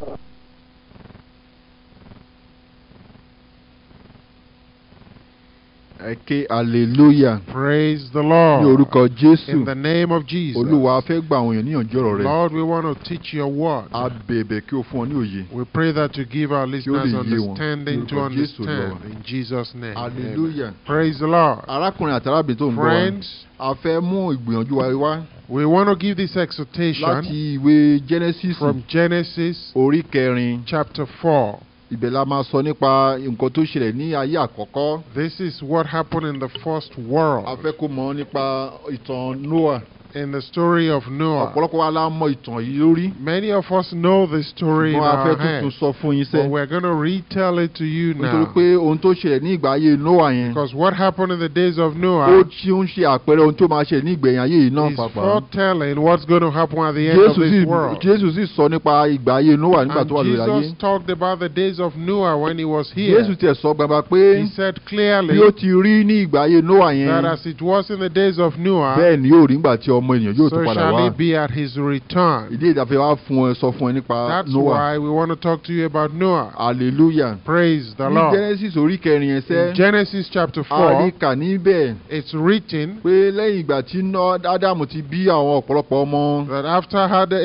Uh-huh. Okay, hallelujah. Praise the Lord. In the name of Jesus. Lord we want to teach your word. A We pray that you give our listeners understanding to understand in Jesus name. Hallelujah. Praise the Lord. Friends. We want to give this exhortation. Genesis. From Genesis. Orí Chapter four. Ibẹ̀ la máa sọ nípa nǹkan tó ṣẹlẹ̀ ní ayé àkọ́kọ́. This is what happened in the first world. A fẹ́ kó mọ̀ nípa ìtàn Noah in the story of Noah. many of us know the story in our but we are going to retell it to you now. because what happened in the days of Noah. ó is foretelling what's going to happen at the end Jesus of this world. and Jesus talked about the days of Noah when he was here. he said clearly. that as it was in the days of Noah ọmọ ènìyàn yóò tún padà wá. so shall he be at his return. ìdí wa fún ẹ sọ fún ẹ nípa Noah. that's why we want to talk to you about Noah. hallelujah. praise the Lord. ní Genesis orí kẹrin ẹsẹ̀. in Genesis chapter four. níbẹ̀. it's written. pé lẹ́yìn ìgbà tí Adam ti bí àwọn ọ̀pọ̀lọpọ̀ ọmọ. that after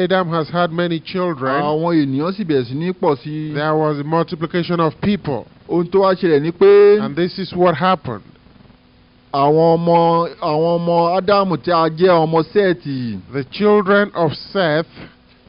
Adam has had many children. àwọn ènìyàn sì bẹ̀rẹ̀ sí ní pọ̀ sí. there was a multiplication of people. ohun tó wá ṣẹlẹ̀ ni pé. and this is what happened. àwọn ọmọ àwọn ọmọ Ádámù tí a jẹ́ ọmọ Séètì. The children of Seth.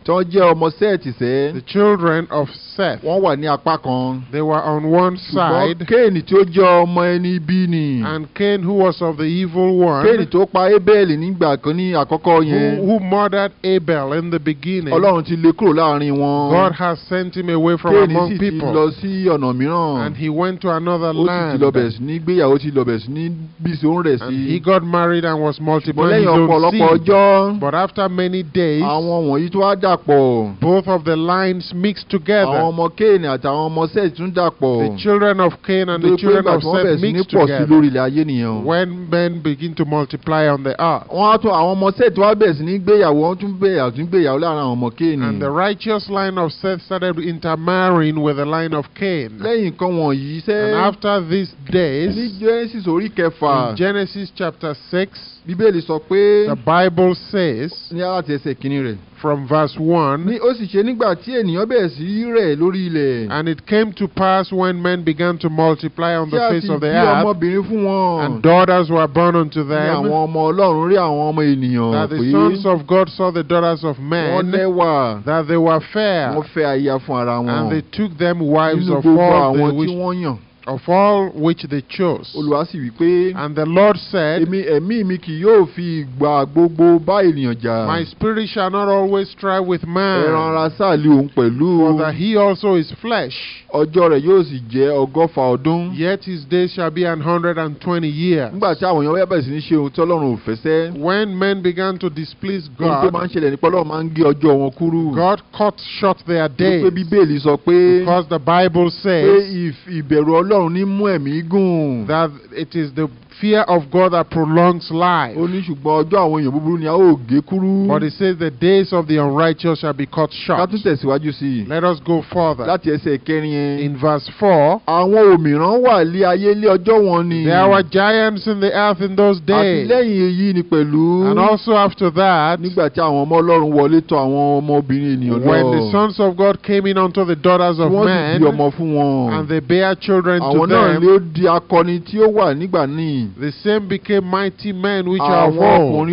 tó jẹ́ ọmọ sẹ́ẹ̀tì sẹ́. the children of Seth. wọ́n wà ní apá kan. they were on one side. ṣùgbọ́n Kéènì tí jẹ́ ọmọ ẹni bí ni. and Cain who was of the evil one. Kéènì tó pa Abel nígbà kan ní àkọ́kọ́ yẹn. who murdered Abel in the beginning. Ọlọ́run ti lé kúrò láàrin wọn. God has sent him away from Kéènì among people. ti lọ sí ọ̀nà mìíràn. and he went to another land. ó ti sí ní gbéyàwó ti sí ní bísí òun rẹ̀ sí. and he got married and was multiple. ṣùgbọ́n lẹ́yìn ọ̀pọ̀lọpọ̀ ọjọ́. but after many days. àwọn wọ̀nyí tó wá dàpọ̀. both of the lines mixed together. àwọn ọmọ Kéènì àtàwọn ọmọ Sẹ́ẹ̀tì tún dàpọ̀. the children of Cain and the children of Seth mixed together. lórí ilẹ̀ ayé nìyẹn when men begin to multiply on the earth. wọ́n á tún àwọn ọmọ Sẹ́ẹ̀tì wá bẹ̀rẹ̀ sí ní gbéyàwó wọ́n tún gbéyàwó tún gbéyàwó láàrin àwọn ọmọ Kéènì. and the righteous line of Seth started intermarrying with the line of Cain. lẹ́yìn nǹkan wọ̀nyí sẹ́. and after these days. ní Genesis orí kẹfà. in Genesis chapter six. Bíbélì sọ pé. the Bible says. ní aláti ẹsẹ̀ kìíní rẹ̀ from verse 1. Ní ó sì ṣe nígbà tí ènìyàn bẹ̀rẹ̀ sí rẹ̀ lórí ilẹ̀. And it came to pass when men began to multiply on the face of the earth. Tí a ti bí ọmọbìnrin fún wọn. And daughters were born unto them. Ní àwọn ọmọ Ọlọ́run rí àwọn ọmọ ènìyàn That the sons of God saw the daughters of men. Wọ́n lẹ́wà. That they were fair. Wọ́n fẹ́ aya fún ara wọn. And they took them wives of all they wished. Nínú gbogbo àwọn tí wọ́n yàn of all which they chose. Olúwa sì wí pé. And the Lord said. Èmi ẹ̀mí mi kì yóò fi ìgbà gbogbo bá ènìyàn jà. My spirit shall not always strive with man. Ẹran ara sáà lé òun pẹ̀lú. For that he also is flesh ọjọ́ rẹ̀ yóò sì jẹ́ ọgọ́fà ọdún. yet his day shall be an hundred and twenty years. nígbà tí àwọn èèyàn bẹ̀rẹ̀ sí ní ṣe ohun tí Ọlọ́run ò fẹ́ sẹ́. when men began to displease God. ohun tó máa ń ṣẹlẹ̀ máa ń gé ọjọ́ wọn kúrú. God cut short their days. wípé Bíbélì sọ pé. because the Bible says. pé ìbẹ̀rù Ọlọ́run ní mú ẹ̀mí gùn. that it is the fear of God that prolongs life. but it says the days of the unrighteous shall be cut short. let us go further. láti in verse four. there were giants in the earth in those days. and also after that. when the sons of God came in unto the daughters of men. and they bare children to them. Mm. the same became mighty men which are one.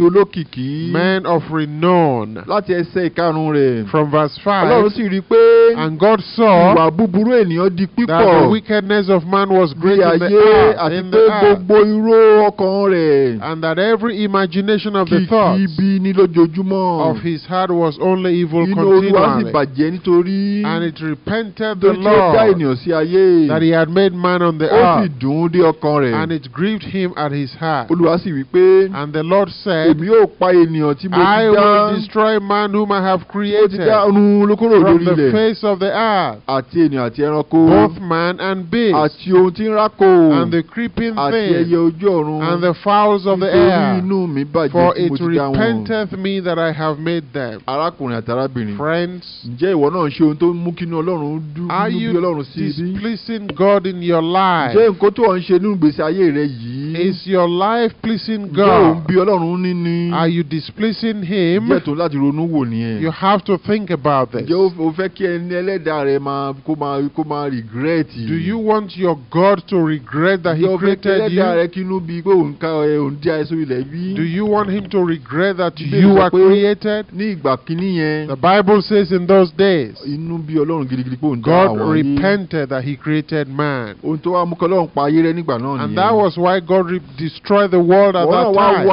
men of renown. láti ẹsẹ̀ ìkarùn rẹ̀. from verse five. ọlọ́run sì rí i pé. and God saw. ìwà búburú ènìyàn di pípọ̀. that the wickedness of man was great in the earth. àti pé gbogbo irú ọkàn rẹ̀. and that every imagination of the thoughts. kìkì ibi ní lójoojúmọ́. of his heart was only evil continually. inú olúwa sì bàjẹ́ nítorí. and it repented the Lord. torí tí ó dá ènìyàn sí ayé. that he had made man on the earth. ó sì dùn ún dé ọkàn rẹ̀. and it grieved him him at his heart. wí pé. And the Lord said. Èmi yóò pa ènìyàn tí mo ti dá. I will destroy man whom I have created. Mo ti dá ọ̀run olókòrò lórí ilẹ̀. From the face of the earth. Àti ènìyàn àti ẹranko. Both man and beast. Àti ohun tí ń rákò. And the creeping thing. Àti ẹyẹ ojú ọ̀run. And the fowls of the air. Nítorí inú mi bàjẹ́ tí mo ti dá wọn. For it repenteth me that I have made them. Arákùnrin àti arábìnrin. Friends. Ǹjẹ́ ìwọ náà ṣe ohun tó mú kínú Ọlọ́run dùn? Are you displeasing God in your life? Ǹjẹ́ nǹkan tó ń ṣe nínú ìgbésí ayé rẹ yìí? is your life pleasing God. yóò ń bí ọlọ́run ní ni. are you displeasing him. tó láti ronú wò nìyẹn. you have to think about this. ǹjẹ́ o fẹ́ kí ẹni ẹlẹ́dàá rẹ máa kó máa kó máa regret. do you want your God to regret that he created you. ǹjẹ́ o fẹ́ kí ẹlẹ́dàá rẹ bí pé òun ká òun dí àìsàn ilẹ̀ bí. do you want him to regret that you were created. ní ìgbà kínní yẹn. the bible says in those days. inú bí ọlọ́run gidigidi pé òun dá àwọn yìí. God repented that he created man. ohun tó wá mú kọ́ pa ayé rẹ nígbà náà nìyẹn. and that was why God. God destroy the world at that time.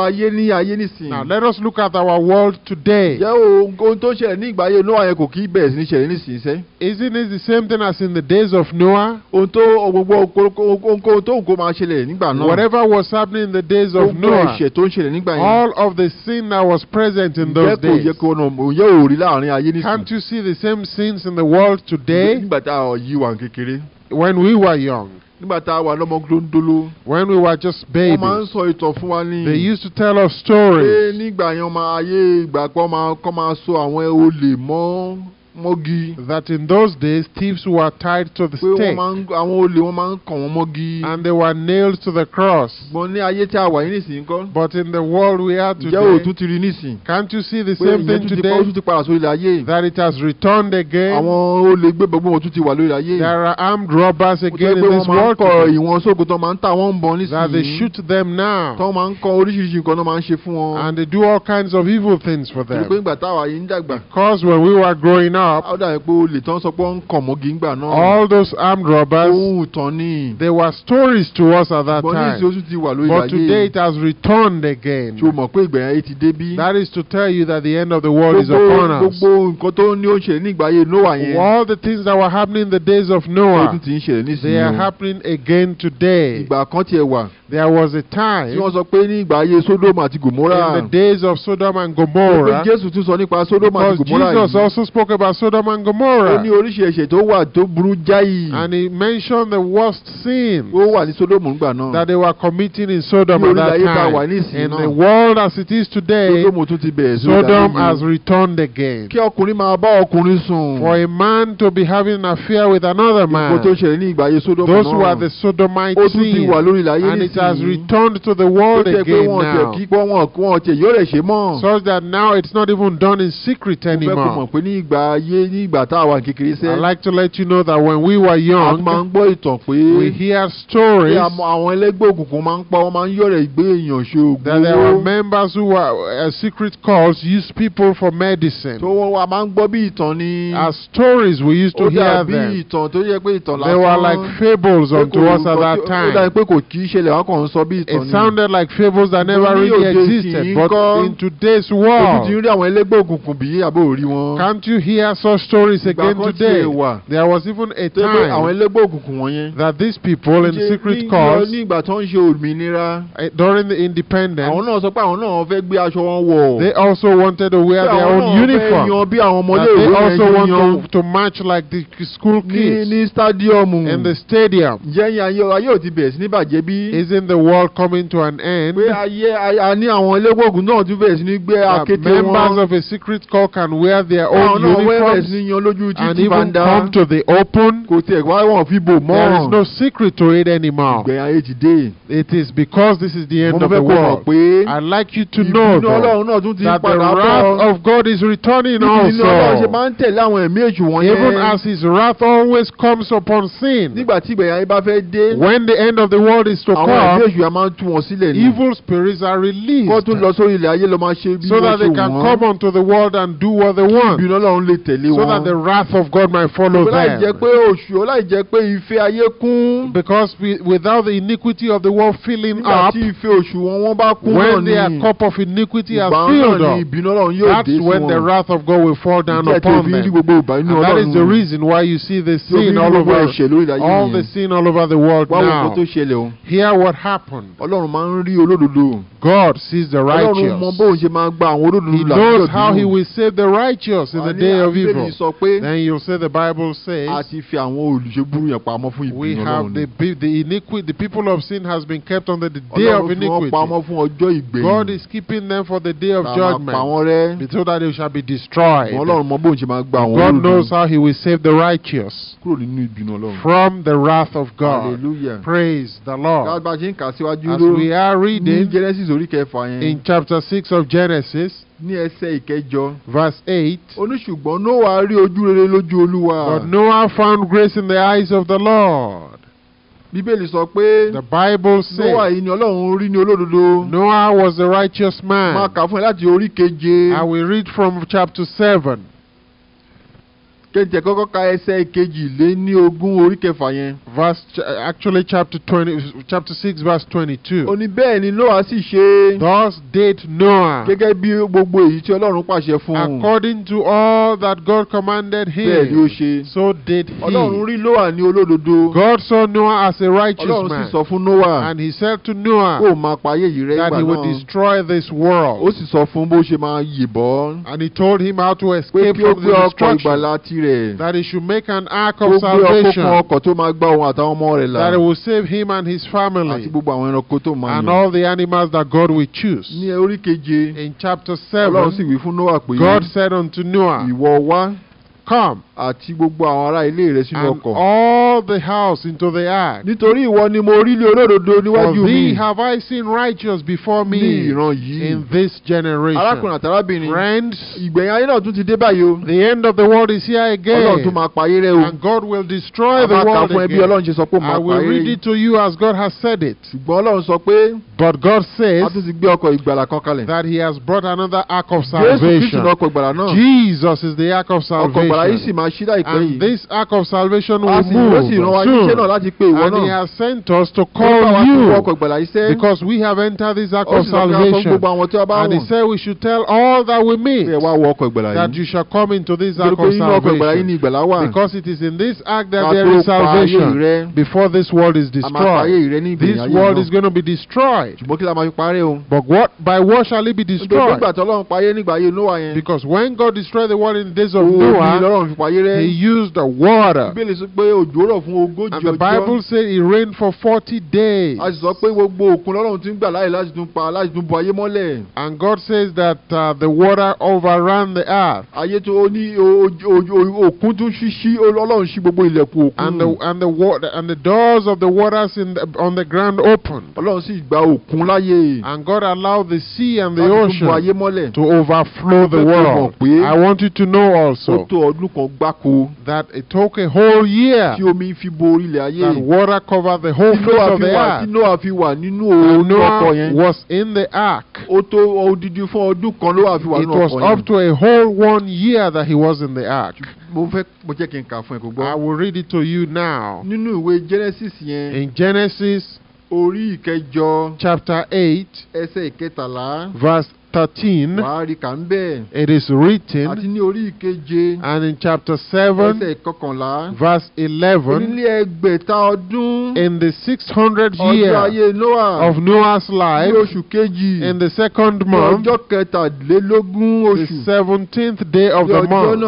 now let us look at our world today. sẹ́. isn't it the same thing as in the days of Noah? whatever was happening in the days of Noah. all of the sin that was present in those days. nísìnyí. can't you see the same sins in the world today? when we were young. nígbà tá a wà lọ́mọ gbóndóló. when we were just babies. wọ́n máa ń sọ ìtàn fún wa ní. they used to tell us stories. pé nígbà yẹn ọmọ ayé ìgbà máa kọ́ máa so àwọn olè mọ́. mọ́gi. that in those days thieves were tied to the stake. pé wọ́n máa ń àwọn olè wọ́n máa ń kàn wọ́n mọ́gi. and they were nailed to the cross. gbọ́n ní ayé tí a wà yín nísìnyí kọ́. but in the world we are today. ǹjẹ́ òtún ti rí nísìn. can't you see the same thing today. pé ìyẹn tún ti padà sórí ilẹ̀ ayé. that it has returned again. àwọn olè gbẹ̀bọ̀ gbọ́n tún ti wà lórí ilẹ̀ ayé. there are armed robbers again in this world. mo jẹ́ pé wọ́n máa ń kọ ìwọ̀n sóògùn máa ń ta wọ́n ń bọ̀ nísìnyí. that they shoot them now. tó máa ń kọ and they do all kinds of evil things for them. because when we were growing up up. ó pé olè tán sọ pé kàn mọ́gì ńgbà náà. all those armed robbers. ohun ìtàn ni. there were stories to us at that time. oṣù ti wà lórí ayé. but today it has returned again. mọ̀ pé ti that is to tell you that the end of the world is upon us. gbogbo nǹkan tó ní ń Noah yẹn. all the things that were happening in the days of Noah. ó ti ń ṣẹlẹ̀ nísìnyí. they are happening again today. ìgbà kan tiẹ̀ wà. there was a time. tí wọ́n sọ pé ní ìgbà Sodom àti Gomorrah. in the days of Sodom and Gomorrah. because Jesus also spoke about Sodom and Gomorrah. ó ní oríṣi tó wà tó burú jáì. and he mentioned the worst sin. ó wà ní Sódómù nígbà náà. that they were committing in Sodom at that time. in the world as it is today. Sódómù tún ti bẹ̀rẹ̀ sí ìdàgbàsókè. Sodom has returned again. kí ọkùnrin máa bá ọkùnrin sùn. for a man to be having an affair with another man. ìkó tó ṣẹlẹ̀ ní ìgbà ayé Sódómù náà. those were the Sodomite sin, ó tún ti wà lórí ilẹ̀ ayé nísìnyí. and it has returned to the world again now. ó jẹ́ pé wọ́n tẹ̀ kí wọn kí yóò rẹ̀ ṣe mọ́. such that now it's not even done in secret anymore. ó fẹ́ kó mọ̀ pé ní ìgbà ayé tá a wà kékeré sẹ́. I'd like to let you know that when we were young. a máa ń gbọ́ ìtàn pé. we hear stories. pé àwọn ẹlẹ́gbẹ́ òkùnkùn máa ń pa wọ́n máa ń yọ̀rẹ̀ ìgbé èèyàn that there were members who were uh, secret cults used people for medicine. tó wọ́n wá máa ń gbọ́ bí ìtàn ni. as stories we used to hear them. ó dàbí ìtàn tó yẹ pé ìtàn lásán. they were like fables unto us at that time. ó dàbí pé kò kì í ṣẹlẹ̀ wọn kàn ń sọ bí ìtàn ni. it sounded like fables that never really existed but in today's world. wọn. can't you hear heard stories again today. There was even a time that these people in secret cause eh, during the independence they also wanted to wear their own uniform. They also want to, to march like the school kids in the stadium. Isn't the world coming to an end? That members of a secret call can wear their own uniform prophets and even come to the open. There is no secret to it anymore. It is because this is the end of the world. I'd like you to know that, that the wrath of God is returning also. Even as his wrath always comes upon sin. When the end of the world is to come, evil spirits are released so that they can come onto the world and do what they want tẹ̀lé wọn. so that the wrath of God might follow them. láì jẹ́ pé oṣù láì jẹ́ pé ìfẹ́ ayé kún. because we, without the iniquity of the world filling up. nígbà tí ìfẹ́ oṣù wọn wọ́n bá kún náà ni. when their cup of iniquity has filled up. ìbínú Ọlọ́run yóò dé sí wọn. that's when the wrath of God will fall down upon them. and that is the reason why you see the sin all over all the sin all over the world now. hear what happened. God sees the righteous. He knows how he will save the righteous in the day of evil. Then you say the Bible says. We have the, the iniquity, the people of sin has been kept under the day of iniquity. God is keeping them for the day of judgment. So that they shall be destroyed. God knows how he will save the righteous from the wrath of God. Hallelujah. Praise the Lord. As we are reading in chapter 6 of Genesis ní ẹsẹ̀ ìkẹjọ. verse eight. rí ojú rere lójú Olúwa. but Noah found grace in the eyes of the Lord. Bíbélì sọ pé. The Bible says. Noah yìí ni Ọlọ́run rí ní olódodo. Noah was a righteous man. Máa kà fún ẹ láti orí keje. I will read from chapter seven kẹ́ntẹ́ kọ́kọ́ ka ẹsẹ̀ kejì lé ní ogún orí kẹfà yẹn. verse actually chapter twenty chapter six verse twenty-two. bẹ́ẹ̀ ni Noah sì ṣe. thus did Noah. gẹ́gẹ́ bí gbogbo èyí tí Ọlọ́run pàṣẹ fún according to all that God commanded him. bẹ́ẹ̀ ni ó ṣe. so did he. Ọlọ́run rí Noah ní olódodo. God saw Noah as a righteous man. Ọlọ́run sì sọ fún Noah. and he said to Noah. kó o máa yìí rẹ́ ìgbà náà. that he would destroy this world. ó sì sọ fún bó ṣe máa yìnbọn. and he told him how to escape from the destruction. pé kí ó gbé ọkọ̀ ìgbàlá tirẹ̀ that he should make an ark of salvation. that he will save him and his family. and all the animals that God will choose. in chapter seven. God said unto Noah. come àti gbogbo àwọn ará ilé rẹ sínú ọkọ̀. and all the house into the ark. nítorí ìwọ ni mo rí olódodo níwájú mi. for thee have I seen righteous before me. ní ìran yìí. in this generation. arákùnrin àtàrábìnrin. friends. ìgbẹ̀yìn ayé náà tún ti dé báyìí o. the end of the world is here again. ọlọ́run tún máa rẹ o. and God will destroy the world again. ẹbí ọlọ́run ṣe sọ pé ó máa I will read it to you as God has said it. ṣùgbọ́n ọlọ́run sọ pé. but God says. a tún ti gbé ọkọ̀ ìgbàlà kan kalẹ̀. that he has brought another ark of salvation. Jesus is the of salvation and this ark of salvation will move soon. and he has sent us to call you. because we have entered this ark of salvation. and he said we should tell all that we meet. that you shall come into this ark of salvation. because it is in this ark that there is salvation. before this world is destroyed. this world is going to be destroyed. but what by what shall it be destroyed? because when God destroyed the world in the days of Noah he used the water. and the bible said it rained for forty days. and God says that uh, the water overran the earth. and the and the water and the doors of the waters in the, on the ground opened. and God allowed the sea and the ocean to overflow the world. I want you to know also. Baku that it took a whole year That water covered the whole face of the earth. Noah you wà nínú was in the ark. ó it was up to a whole one year that he was in the ark. I will read it to you now. in Genesis. chapter eight. verse 13, it is written. and in chapter seven. verse eleven. in the six hundred year. of Noah's life. in the second month. the seventeenth day of the month.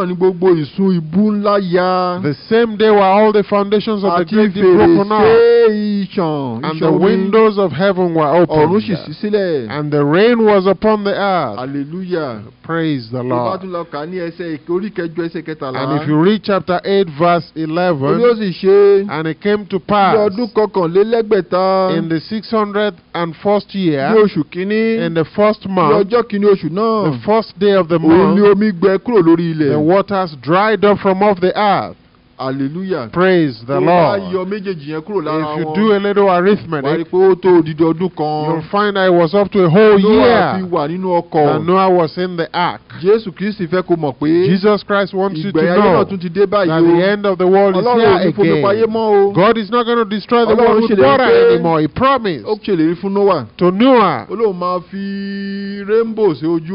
the same day were all the foundations of the grave broken out. and the windows of heaven were opened. and the rain was upon the earth. Hallelujah. Praise the Lord. And if you read chapter 8, verse 11, and it came to pass in the 601st year, in the first month, the first day of the month, the waters dried up from off the earth hallelujah. praise the lord. if you do a little arithmetic. you'll find I was up to a whole year. Noah fi wà and Noah was in the ark. Jesus Christ wants you to know. that the end of the world is here again. God is not going to destroy the world with water anymore. He promised. ó ṣèlérí fún Noah. to Noah. Olóhùn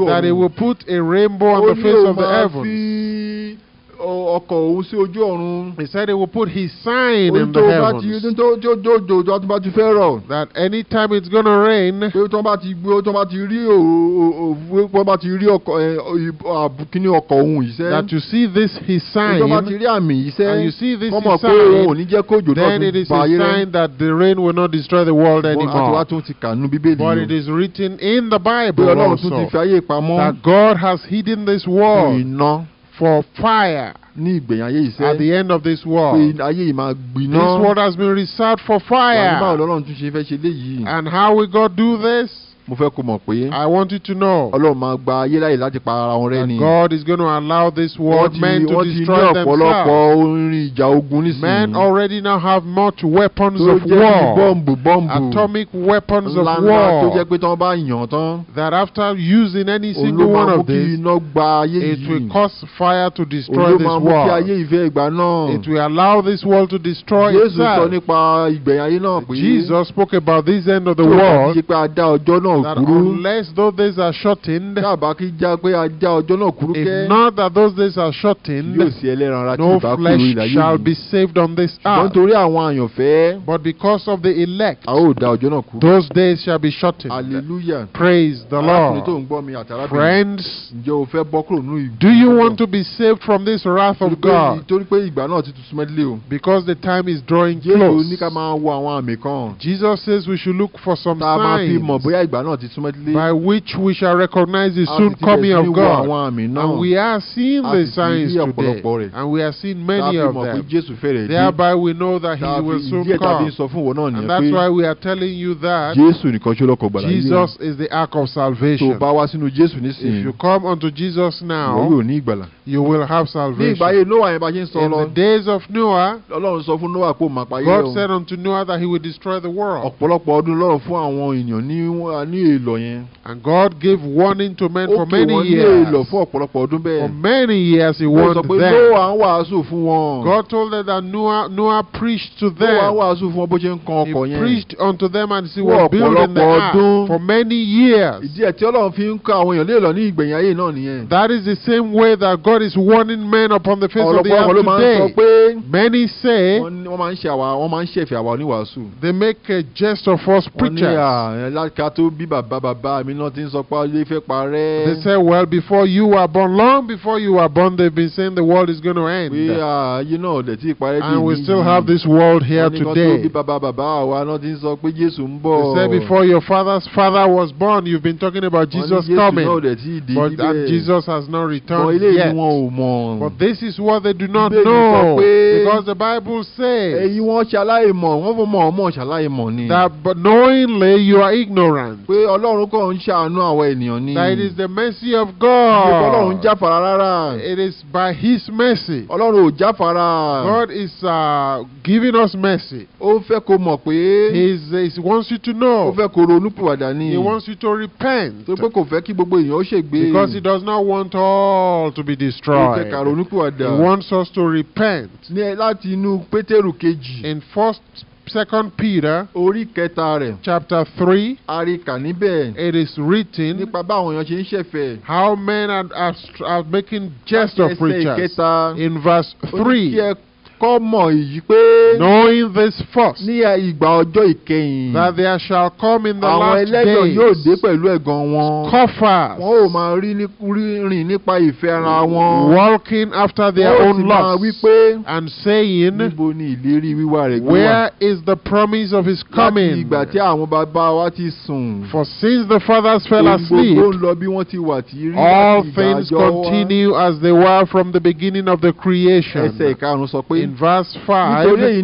that he will put a rainbow on the face of the heavens ọkọ̀ òun sí ojú ọ̀run. he said he will put his sign in the heavens. ojú tó jòjò tó bá ti that anytime it's gonna rain. pé ti gbé ti rí òwú ti rí ọkọ̀ òun yìí sẹ́. that you see this his sign. tó ti rí àmì yìí sẹ́. and you see this his sign. pé òun ò ní jẹ́ náà tún bá then it is a sign that the rain will not destroy the world anymore. àti wá tún ti kànú bíbélì. but it is written in the Bible also. that God has hidden this world for fire ní ìgbẹ̀yìn ayé ìṣe. at the end of this world. pé ayé yìí máa gbiná. this world has been reserved for fire. wàá báwo lọ́lọ́run tún ṣe fẹ́ ṣe léyìí. and how will God do this? mo fẹ́ kó mọ̀ pé. I want you to know. Ọlọ́run máa gba ayé láyè láti pa ara wọn rẹ́ ni. God is going to allow this world men to destroy themselves. wọ́n ti ní ọ̀pọ̀lọpọ̀ orin ìjà ogun nísìnyí. men already now have much weapons of war. tó jẹ́ bọ́ǹbù bọ́ǹbù. atomic weapons of war. tó jẹ́ pé bá yàn tán. that after using any single one of these. iná gba ayé yìí. it will cause fire to destroy this world. ayé it will allow this world to destroy itself. Jesus spoke about this end of the world. that unless those days are shortened. if not that those days are shortened. no flesh shall be saved on this earth. but because of the elect. those days shall be shortened. hallelujah. praise the Lord. Friends. do you want to be saved from this wrath? God. because the time is drawing close. Jesus says we should look for some signs. by which we shall recognize the soon coming of God. and we are seeing the signs today. and we are seeing many of them. thereby we know that he will soon come. and that's why we are telling you that. Jesus is the ark of salvation. if you come unto Jesus now. you will have salvation ìpayé noah yẹn bá ṣe ń sọ lọ. in the days of Noah. Ọlọ́run sọ fún Noah kó o. God said unto Noah that he would destroy the world. ọ̀pọ̀lọpọ̀ ọdún lọ́rọ̀ fún àwọn èèyàn ní ní èlò yẹn. and God gave warning to men for many years. ó wọ́n ní èlò fún ọ̀pọ̀lọpọ̀ ọdún bẹ́ẹ̀. for many years he warned them. ó pé Noah ń wàásù fún wọn. God told them that Noah, Noah preached to them. Noah wàásù fún wọn bó ṣe ń kan ọkọ̀ yẹn. he preached unto them and see what building the ark for many years. ìdí ẹ̀ tí Ọlọ́run fi ń kọ́ àwọn èèyàn ní ìgbẹ̀yìn ayé náà nìyẹn. that is the same way that God is warning men upon from the face of the earth today. Many say. They make a jest of us preachers. They say well before you were born long before you were born they've been saying the world is going to end. you know, And we still have this world here today. They say before your father's father was born you've been talking about Jesus coming. But Jesus has not returned yet. But this is what they do not know. Because the Bible says. Èyí wọ́n ṣaláìmọ̀ wọ́n fún mọ̀ ọmọ ṣaláìmọ̀ ni. That but knowingly you are ignorant. Pé That it is the mercy of God. It is by his mercy. God is uh, giving us mercy. He is he wants you to know. He wants you to repent. Because he does not want all to be destroyed. He wants us to repent. láti inú Pétérù kejì. in first second Peter. orí kẹta rẹ̀. chapter three. àríkà níbẹ̀. it is written. nípa báwọn èèyàn ṣe ń ṣẹ̀fẹ̀. how men are, are, are making jest of preachers. in verse three come on èyí pé. knowing this first. ní ìgbà ọjọ́ ìkẹyìn. that there shall come in the last days. àwọn ẹlẹ́gàn yóò dé pẹ̀lú ẹ̀gàn wọn. scoffers. wọn ò máa rìn nípa ìfẹ́ ara wọn. walking after their own lust. and saying. níbo ni ìlérí wíwá rẹ̀ where is the promise of his coming. ìgbà tí àwọn bàbá wa ti sùn. for since the fathers fell asleep. gbogbo lọ bí wọ́n ti wà tí rí. all things continue as they were from the beginning of the creation. ẹsẹ̀ sọ pé in verse 5 nítorí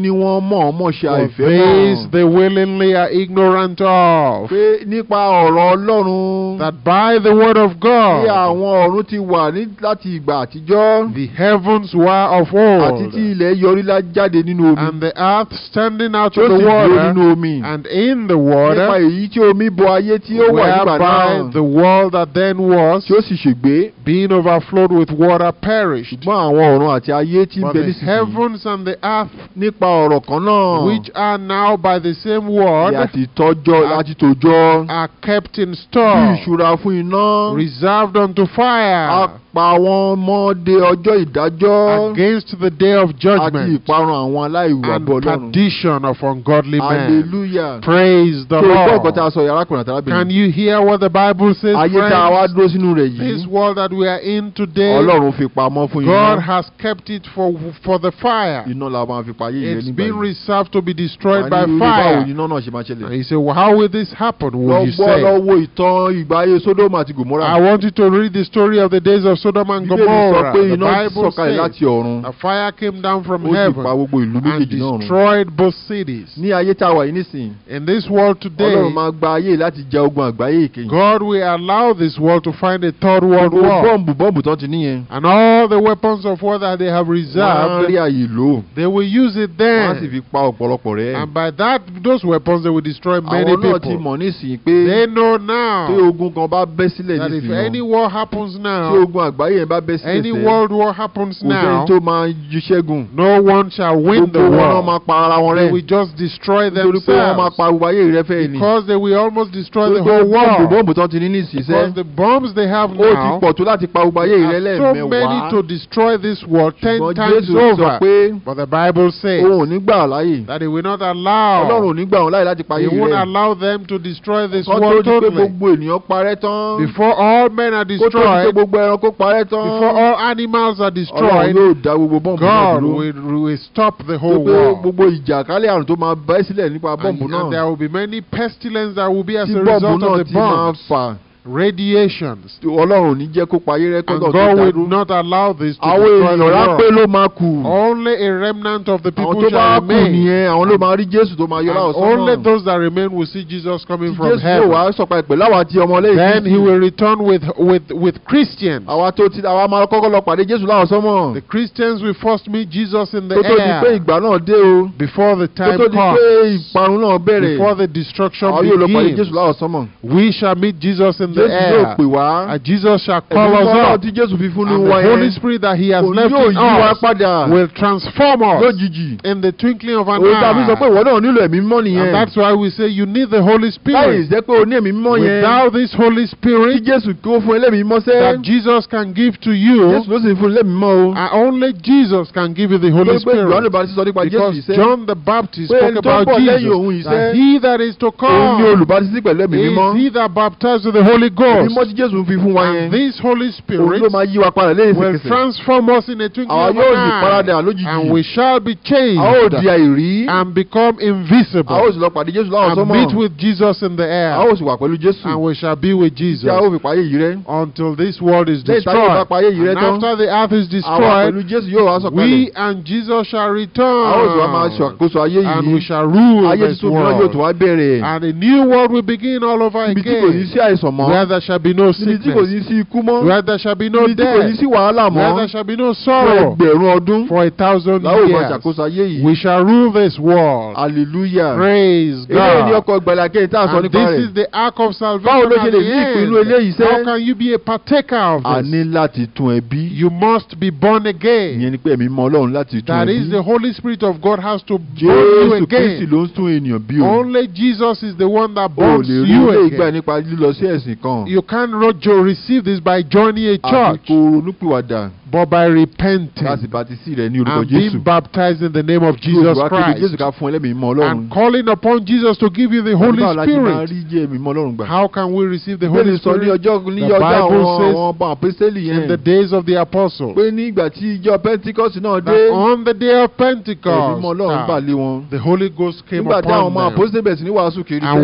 the willingly are ignorant of. that by the word of God. the heavens were of old. and the earth standing out of the water. and in the water. whereby the world that then was. being overflowed with water perished. but the and the earth. nípa ọ̀rọ̀ kan náà. which are now by the same word. àti tọ́jọ́ àti tòjọ́. are kept in store. bí ìṣúra fún iná. reserved unto fire. a pa àwọn ọmọdé ọjọ́ ìdájọ́. against the day of judgment. àti ìparun àwọn aláìwà bọ́ lọ́run. and of ungodly men. hallelujah. praise the Lord. tó o gbọ́ yàrá kùnà tàbí. can you hear what the Bible says. ayé tá a wá dúró sínú rẹ̀ yìí. this world that we are in today. Ọlọ́run fi pamọ́ fún yín. God has kept it for, for the fire fire. iná la yìí. it's been reserved to be destroyed by fire. You know, náà and he said well, how will this happen will you say. Gomorrah. I want you to read the story of the days of Sodom and Gomorrah. the Bible says a fire came down from heaven and destroyed both cities. a in this world today. God will allow this world to find a third world war. and all the weapons of war that they have reserved they will use it then. wọ́n sì fi pa ọ̀pọ̀lọpọ̀ rẹ̀. and by that those weapons they will destroy many people. àwọn náà ti mọ̀ nísìnyí pé. they know now. pé ogun kan bá bẹ́ sílẹ̀ nísìnyí. that if any war happens now. ogun àgbáyé yẹn bá bẹ́ sílẹ̀. any world war happens now. kò tó máa ṣẹ́gun. no one shall win the war. gbogbo wọn máa pa ara wọn rẹ́. they will just destroy themselves. nítorí pé wọ́n máa pa gbogbo ayé rẹ fẹ́ ni. because they will almost destroy the whole world. gbogbo ti ní nísìnyí sẹ́. because the bombs they have now. are so many to destroy this world ten times over but the bible says. òun that he will not allow. ọlọ́run wọn láti rẹ. he won't allow them to destroy this world totally. ti pé gbogbo ènìyàn parẹ́ tán. before all men are destroyed. ti pé gbogbo ẹranko parẹ́ tán. before all animals are destroyed. ọlọ́run yóò dá gbogbo bọ́ǹbù náà dúró. God will, will stop the whole world. gbogbo àrùn tó máa bẹ́ sílẹ̀ nípa bọ́ǹbù náà. and there will be many pestilence that will be as a result of the bomb. tí bọ́ǹbù náà radiations. ọlọ́run ní jẹ́ kó parí rẹ́kọ́dọ̀ tó and God will not allow this to destroy the àwọn èèyàn ló máa kù. only a remnant of the people shall remain. àwọn tó bá kù nìyẹn àwọn ló máa rí Jésù tó máa yọ sọ́nà. only those that remain will see Jesus coming from heaven. Jésù sọ̀pá ìpè láwa ti ọmọ lẹ́yìn. then he will return with with with Christians. àwa tó ti àwa máa kọ́kọ́ lọ pàdé Jésù the Christians will first meet Jesus in the air. tó di pé ìgbà náà dé o. before the time comes. tó di pé ìparun náà bẹ̀rẹ̀. before the destruction begins. yóò lọ pàdé Jésù we shall meet Jesus in the air. Ah. And Jesus shall call us up. And the Holy Spirit that He has left in us will transform us in the twinkling of an eye. And that's why we say you need the Holy Spirit. Without this Holy Spirit that Jesus can give to you, uh, only Jesus can give you the Holy Spirit. Because John the Baptist spoke about Jesus. That he that is to come is he that baptizes with the Holy Spirit. Holy Ghost. And this Holy Spirit. will transform us in a twinkling of an eye. And we shall be changed. And become invisible. And meet with Jesus in the air. And we shall be with Jesus. Until this world is destroyed. And after the earth is destroyed. We and Jesus shall return. And we shall rule this world. And a new world will begin all over again where there shall be no sickness. where there shall be no death. where there shall be no sorrow. for a thousand years. we shall rule this world. hallelujah. praise God. and this is the ark of salvation. how can you be a partaker of this. you must be born again. that is the Holy Spirit of God has to born you again. only Jesus is the one that borns you again you can't receive this by joining a church but by repenting and being baptized in the name of Jesus Christ and calling upon Jesus to give you the Holy Spirit. How can we receive the Holy Spirit? The Bible says in the days of the apostles on the day of Pentecost uh, the Holy Ghost came upon them. And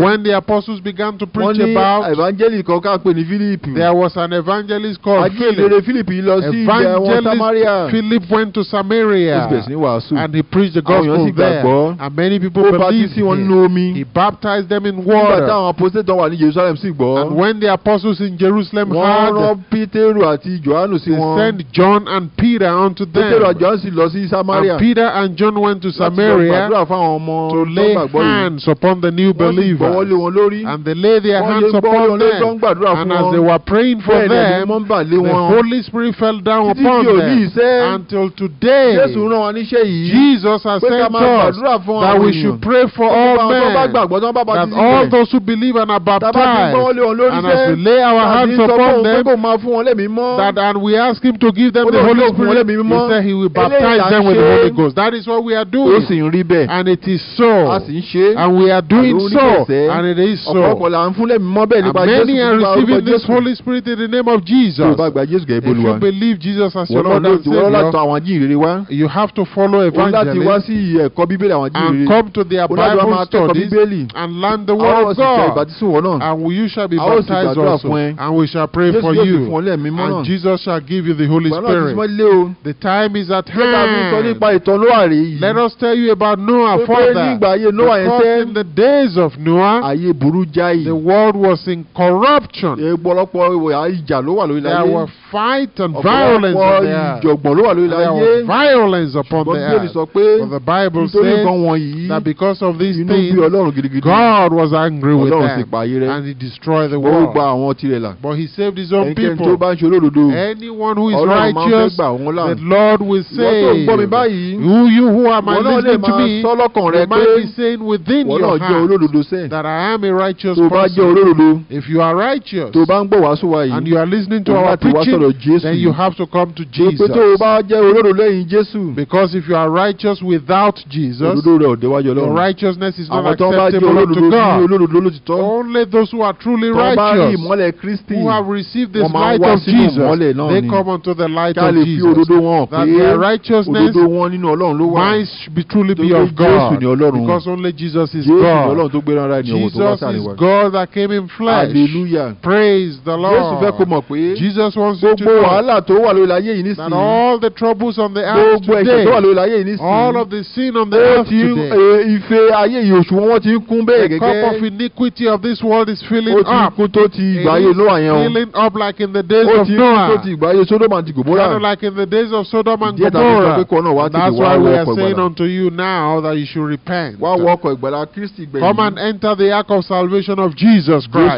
when the apostles began to preach about there was an evangelist called Philip. Evangelist evangelist Philip went to Samaria and he preached the gospel there. And many people believed him. He baptized them in water. And when the apostles in Jerusalem heard, they sent John and Peter unto them. And Peter and John went to Samaria to lay hands upon the new believers. And they laid their hands upon them. And as they were praying for them, the Holy Spirit fell down upon upon them until today. Jesus has sent us that we should pray for all men that all those who believe and are baptized and as we lay our hands upon them that and we ask him to give them the Holy Spirit he said he will baptize them with the Holy Ghost. That is what we are doing. And it is so. And we are doing so. And it is so. And many are receiving this Holy Spirit in the name of Jesus. If you believe Jesus àṣẹ you have to follow evangelism. and come to their Bible studies and learn the word of God. and you shall be baptized also. and we shall pray for you. and Jesus shall give you the Holy Spirit. the time is at hand. let us tell you about Noah further. because in the days of Noah. the world was in corruption. there were fight and violence ìjọ̀gbọ̀n ló wà lórí ilẹ̀ ayé violence upon the earth but the bible says that because of these things God was angry with them and he destroyed the world but he saved his own people anyone who is righteous the Lord will say who you who are my listening to me you might be saying within your heart that I am a righteous person if you are righteous and you are listening to our preaching then you have to come unto Jesus. Because if you are righteous without Jesus, your righteousness is not acceptable unto God. Only those who are truly righteous, who have received this light of Jesus, they come unto the light of Jesus. That their righteousness might be truly be of God. Because only Jesus is God. Jesus is God that came in flesh. Hallelujah. Praise the Lord. Jesus wants you to know ayé yìí nísìnyí. and all the troubles on the earth today. gbogbo ẹ̀ṣẹ̀ tó wà lórí ayé yìí nísìnyí. all of the sin on the earth today. Eh, ife ayé yìí òṣùwọ̀n wọn ti ń kún bẹ́ẹ̀ gẹ́gẹ́. the cup of iniquity of this world is filling up. ó ti kún tó ti ìgbà ayé yẹn o. filling up like in the days of Noah. ó ti kún tó ti ìgbà ayé Sodom and Gomorrah. kind of like in the days of Sodom and Gomorrah. that's why we are saying unto you now that you should repent. wá wọ ọkọ̀ ìgbàlà Kristi gbẹ̀yìn. come and enter the ark of salvation of Jesus Christ.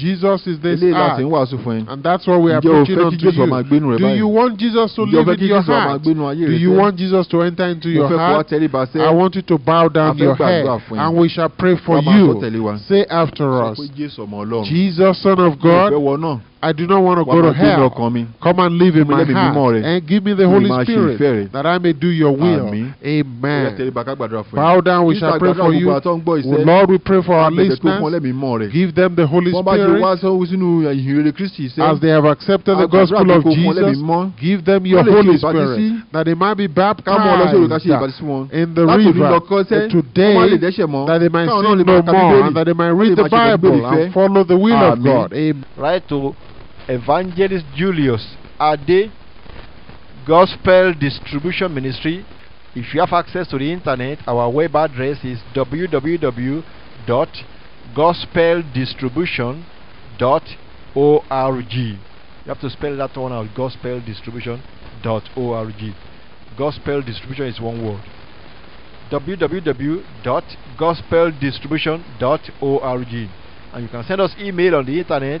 Jesus is this ark. and that's why we are preaching unto you you want Jesus to live in your heart? Do you want Jesus to enter into your heart? I want you to bow down your head and we shall pray for you. Say after us Jesus, Son of God. I do not want to go to hell. Come and live in my heart and give me the Holy Spirit that I may do your will. Amen. Bow down, we shall pray for you. Oh, Lord, we pray for our listeners. Give them the Holy Spirit eh, as they have accepted the gospel of Jesus. Give them your Holy Spirit that they might be baptized in the river today that they might sin no more and that they might read the Bible and follow the will of God. Amen. Right to Evangelist Julius Ade Gospel Distribution Ministry. If you have access to the internet, our web address is www.gospeldistribution.org. You have to spell that one out gospeldistribution.org. Gospel distribution is one word www.gospeldistribution.org and you can send us email on the internet